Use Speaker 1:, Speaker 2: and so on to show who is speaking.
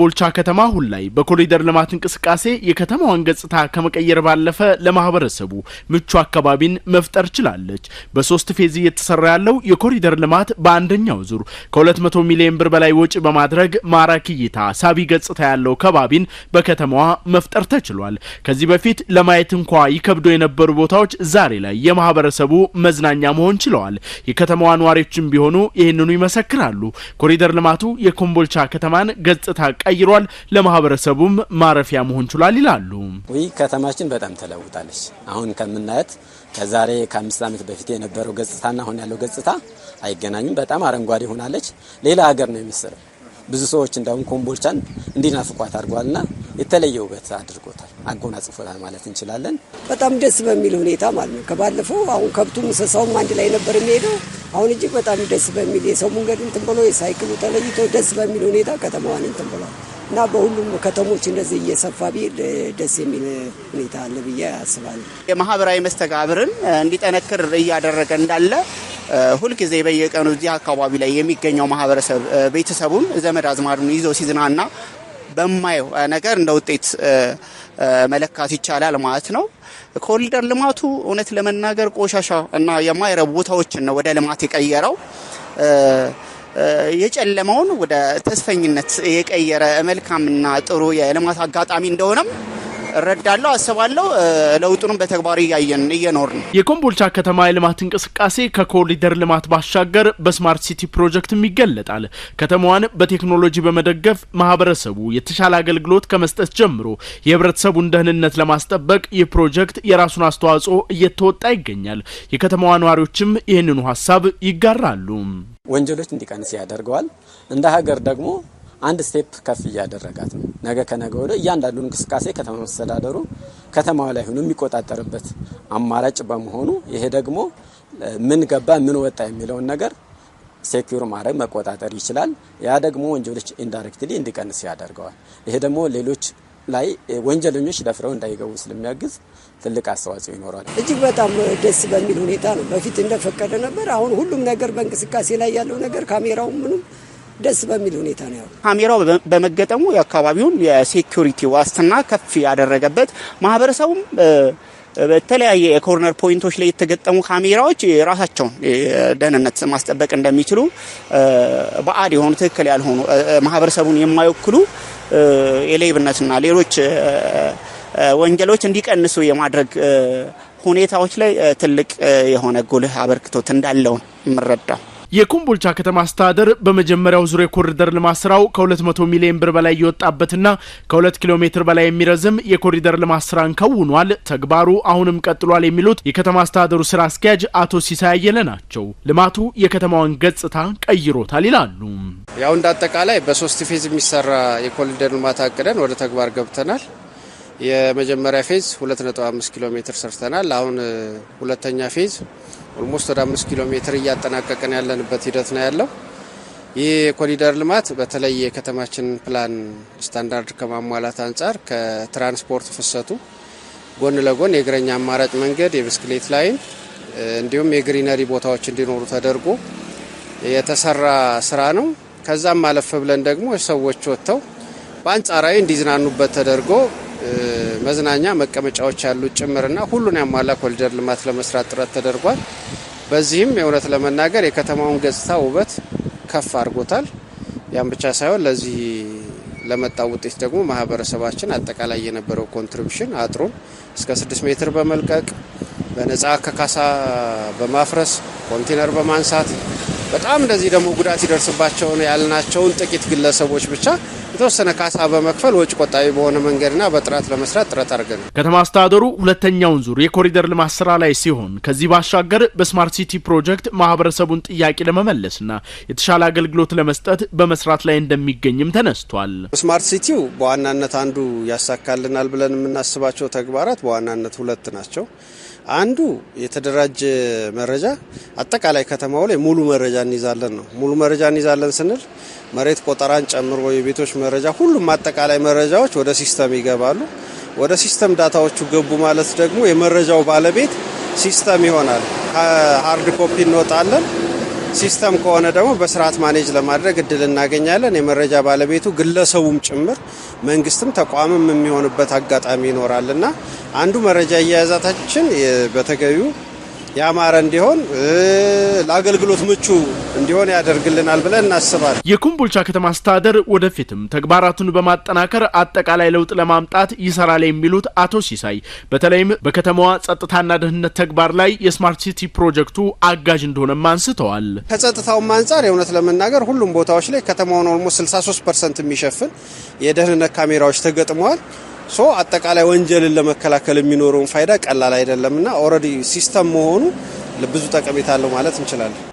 Speaker 1: ቦልቻ ከተማ አሁን ላይ በኮሪደር ልማት እንቅስቃሴ የከተማዋን ገጽታ ከመቀየር ባለፈ ለማህበረሰቡ ምቹ አካባቢን መፍጠር ችላለች። በሶስት ፌዝ እየተሰራ ያለው የኮሪደር ልማት በአንደኛው ዙር ከ200 ሚሊዮን ብር በላይ ወጪ በማድረግ ማራኪ እይታ፣ ሳቢ ገጽታ ያለው ከባቢን በከተማዋ መፍጠር ተችሏል። ከዚህ በፊት ለማየት እንኳ ይከብዶ የነበሩ ቦታዎች ዛሬ ላይ የማህበረሰቡ መዝናኛ መሆን ችለዋል። የከተማዋ ነዋሪዎችም ቢሆኑ ይህንኑ ይመሰክራሉ። ኮሪደር ልማቱ የኮምቦልቻ ከተማን ገጽታ ተቀይሯል፣ ለማህበረሰቡም ማረፊያ መሆን ችሏል ይላሉ።
Speaker 2: ውይ ከተማችን በጣም ተለውጣለች። አሁን ከምናየት ከዛሬ ከአምስት ዓመት በፊት የነበረው ገጽታና አሁን ያለው ገጽታ አይገናኝም። በጣም አረንጓዴ ሆናለች። ሌላ ሀገር ነው የመሰለው። ብዙ ሰዎች እንደውም ኮምቦልቻን እንዲናፍቋት አድርጓልና የተለየ ውበት አድርጎታል፣ አጎናጽፎታል ማለት እንችላለን።
Speaker 3: በጣም ደስ በሚል ሁኔታ ማለት ነው። ከባለፈው አሁን ከብቱም እንስሳውም አንድ ላይ ነበር የሚሄደው አሁን እጅግ በጣም ደስ በሚል የሰው መንገድ እንትን ብሎ የሳይክሉ ተለይቶ ደስ በሚል ሁኔታ ከተማዋን እንትን ብሏል እና በሁሉም ከተሞች እንደዚህ እየሰፋ ቢሄድ ደስ የሚል ሁኔታ አለ ብዬ አስባለሁ።
Speaker 4: የማህበራዊ መስተጋብርን እንዲጠነክር እያደረገ እንዳለ ሁልጊዜ በየቀኑ እዚህ አካባቢ ላይ የሚገኘው ማህበረሰብ ቤተሰቡን ዘመድ አዝማዱን ይዞ ሲዝናና በማየው ነገር እንደ ውጤት መለካት ይቻላል ማለት ነው። ኮሪደር ልማቱ እውነት ለመናገር ቆሻሻ እና የማይረቡ ቦታዎችን ነው ወደ ልማት የቀየረው። የጨለመውን ወደ ተስፈኝነት የቀየረ መልካምና ጥሩ የልማት አጋጣሚ እንደሆነም እረዳለሁ፣ አስባለሁ። ለውጡንም በተግባር እያየን እየኖር ነው።
Speaker 1: የኮምቦልቻ ከተማ የልማት እንቅስቃሴ ከኮሪደር ልማት ባሻገር በስማርት ሲቲ ፕሮጀክትም ይገለጣል። ከተማዋን በቴክኖሎጂ በመደገፍ ማህበረሰቡ የተሻለ አገልግሎት ከመስጠት ጀምሮ የህብረተሰቡን ደህንነት ለማስጠበቅ ይህ ፕሮጀክት የራሱን አስተዋጽኦ እየተወጣ ይገኛል። የከተማዋ ነዋሪዎችም ይህንኑ ሀሳብ ይጋራሉ።
Speaker 2: ወንጀሎች እንዲቀንስ ያደርገዋል። እንደ ሀገር ደግሞ አንድ ስቴፕ ከፍ እያደረጋት ነው። ነገ ከነገ ወደ እያንዳንዱ እንቅስቃሴ ከተማ መስተዳደሩ ከተማው ላይ ሆኖ የሚቆጣጠርበት አማራጭ በመሆኑ ይሄ ደግሞ ምን ገባ ምን ወጣ የሚለውን ነገር ሴኩር ማድረግ መቆጣጠር ይችላል። ያ ደግሞ ወንጀሎች ኢንዳይሬክትሊ እንዲቀንስ ያደርገዋል። ይሄ ደግሞ ሌሎች ላይ ወንጀለኞች ደፍረው እንዳይገቡ ስለሚያግዝ ትልቅ አስተዋጽኦ ይኖረዋል።
Speaker 3: እጅግ በጣም ደስ በሚል ሁኔታ ነው። በፊት እንደፈቀደ ነበር። አሁን ሁሉም ነገር በእንቅስቃሴ ላይ ያለው ነገር ካሜራውም ምኑም ደስ በሚል ሁኔታ ነው።
Speaker 4: ካሜራው በመገጠሙ የአካባቢውን የሴኩሪቲ ዋስትና ከፍ ያደረገበት ማህበረሰቡም በተለያየ የኮርነር ፖይንቶች ላይ የተገጠሙ ካሜራዎች የራሳቸውን ደህንነት ማስጠበቅ እንደሚችሉ በአድ የሆኑ ትክክል ያልሆኑ ማህበረሰቡን የማይወክሉ የሌብነትና ሌሎች ወንጀሎች እንዲቀንሱ የማድረግ ሁኔታዎች ላይ ትልቅ የሆነ ጉልህ አበርክቶት እንዳለውን የምረዳው
Speaker 1: የኮምቦልቻ ከተማ አስተዳደር በመጀመሪያው ዙር የኮሪደር ልማት ስራው ከ200 ሚሊዮን ብር በላይ የወጣበትና ከ2 ኪሎ ሜትር በላይ የሚረዝም የኮሪደር ልማት ስራን ከውኗል። ተግባሩ አሁንም ቀጥሏል የሚሉት የከተማ አስተዳደሩ ስራ አስኪያጅ አቶ ሲሳይ አየለ ናቸው። ልማቱ የከተማዋን ገጽታ ቀይሮታል ይላሉ።
Speaker 5: ያው እንደ አጠቃላይ በሶስት ፌዝ የሚሰራ የኮሪደር ልማት አቅደን ወደ ተግባር ገብተናል። የመጀመሪያ ፌዝ 2.5 ኪሎ ሜትር ሰርተናል። አሁን ሁለተኛ ፌዝ ኦልሞስት ወደ አምስት ኪሎ ሜትር እያጠናቀቅን ያለንበት ሂደት ነው ያለው። ይህ የኮሪደር ልማት በተለይ የከተማችን ፕላን ስታንዳርድ ከማሟላት አንጻር ከትራንስፖርት ፍሰቱ ጎን ለጎን የእግረኛ አማራጭ መንገድ፣ የብስክሌት ላይን እንዲሁም የግሪነሪ ቦታዎች እንዲኖሩ ተደርጎ የተሰራ ስራ ነው። ከዛም አለፍ ብለን ደግሞ ሰዎች ወጥተው በአንጻራዊ እንዲዝናኑበት ተደርጎ መዝናኛ መቀመጫዎች ያሉት ጭምርና ሁሉን ያሟላ ኮሪደር ልማት ለመስራት ጥረት ተደርጓል። በዚህም የእውነት ለመናገር የከተማውን ገጽታ ውበት ከፍ አድርጎታል። ያም ብቻ ሳይሆን ለዚህ ለመጣ ውጤት ደግሞ ማህበረሰባችን አጠቃላይ የነበረው ኮንትሪቢሽን አጥሩን እስከ 6 ሜትር በመልቀቅ በነጻ ከካሳ በማፍረስ ኮንቴነር በማንሳት በጣም እንደዚህ ደግሞ ጉዳት ነው ያልናቸውን ጥቂት ግለሰቦች ብቻ የተወሰነ ካሳ በመክፈል ወጪ ቆጣቢ በሆነ መንገድና በጥራት ለመስራት ጥረት አድርገን
Speaker 1: ከተማ አስተዳደሩ ሁለተኛውን ዙር የኮሪደር ልማት ስራ ላይ ሲሆን ከዚህ ባሻገር በስማርት ሲቲ ፕሮጀክት ማህበረሰቡን ጥያቄ ለመመለስና የተሻለ አገልግሎት ለመስጠት በመስራት ላይ እንደሚገኝም ተነስቷል።
Speaker 5: ስማርት ሲቲው በዋናነት አንዱ ያሳካልናል ብለን የምናስባቸው ተግባራት በዋናነት ሁለት ናቸው። አንዱ የተደራጀ መረጃ አጠቃላይ ከተማው ላይ ሙሉ መረጃ እንይዛለን ነው። ሙሉ መረጃ እንይዛለን ስንል መሬት ቆጠራን ጨምሮ የቤቶች መረጃ፣ ሁሉም አጠቃላይ መረጃዎች ወደ ሲስተም ይገባሉ። ወደ ሲስተም ዳታዎቹ ገቡ ማለት ደግሞ የመረጃው ባለቤት ሲስተም ይሆናል። ሃርድ ኮፒ እንወጣለን። ሲስተም ከሆነ ደግሞ በስርዓት ማኔጅ ለማድረግ እድል እናገኛለን። የመረጃ ባለቤቱ ግለሰቡም ጭምር መንግስትም ተቋምም የሚሆንበት አጋጣሚ ይኖራል እና አንዱ መረጃ አያያዛታችን በተገቢው ያማረ እንዲሆን ለአገልግሎት ምቹ እንዲሆን ያደርግልናል ብለን እናስባለን።
Speaker 1: የኮምቦልቻ ከተማ አስተዳደር ወደፊትም ተግባራቱን በማጠናከር አጠቃላይ ለውጥ ለማምጣት ይሰራል የሚሉት አቶ ሲሳይ በተለይም በከተማዋ ጸጥታና ደህንነት ተግባር ላይ የስማርት ሲቲ ፕሮጀክቱ አጋዥ እንደሆነም አንስተዋል።
Speaker 5: ከጸጥታውም አንጻር የእውነት ለመናገር ሁሉም ቦታዎች ላይ ከተማውን ኦልሞስት 63 ፐርሰንት የሚሸፍን የደህንነት ካሜራዎች ተገጥመዋል። ሶ አጠቃላይ ወንጀልን ለመከላከል የሚኖረውን ፋይዳ ቀላል አይደለምና ኦልሬዲ ሲስተም መሆኑ ብዙ ጠቀሜታ አለው ማለት እንችላለን።